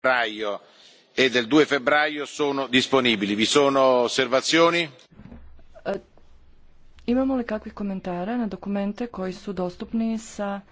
febbraio e del 2 febbraio sono disponibili. Vi sono osservazioni? Eh, imamo li kakvih komentara na dokumente koji su dostupni sa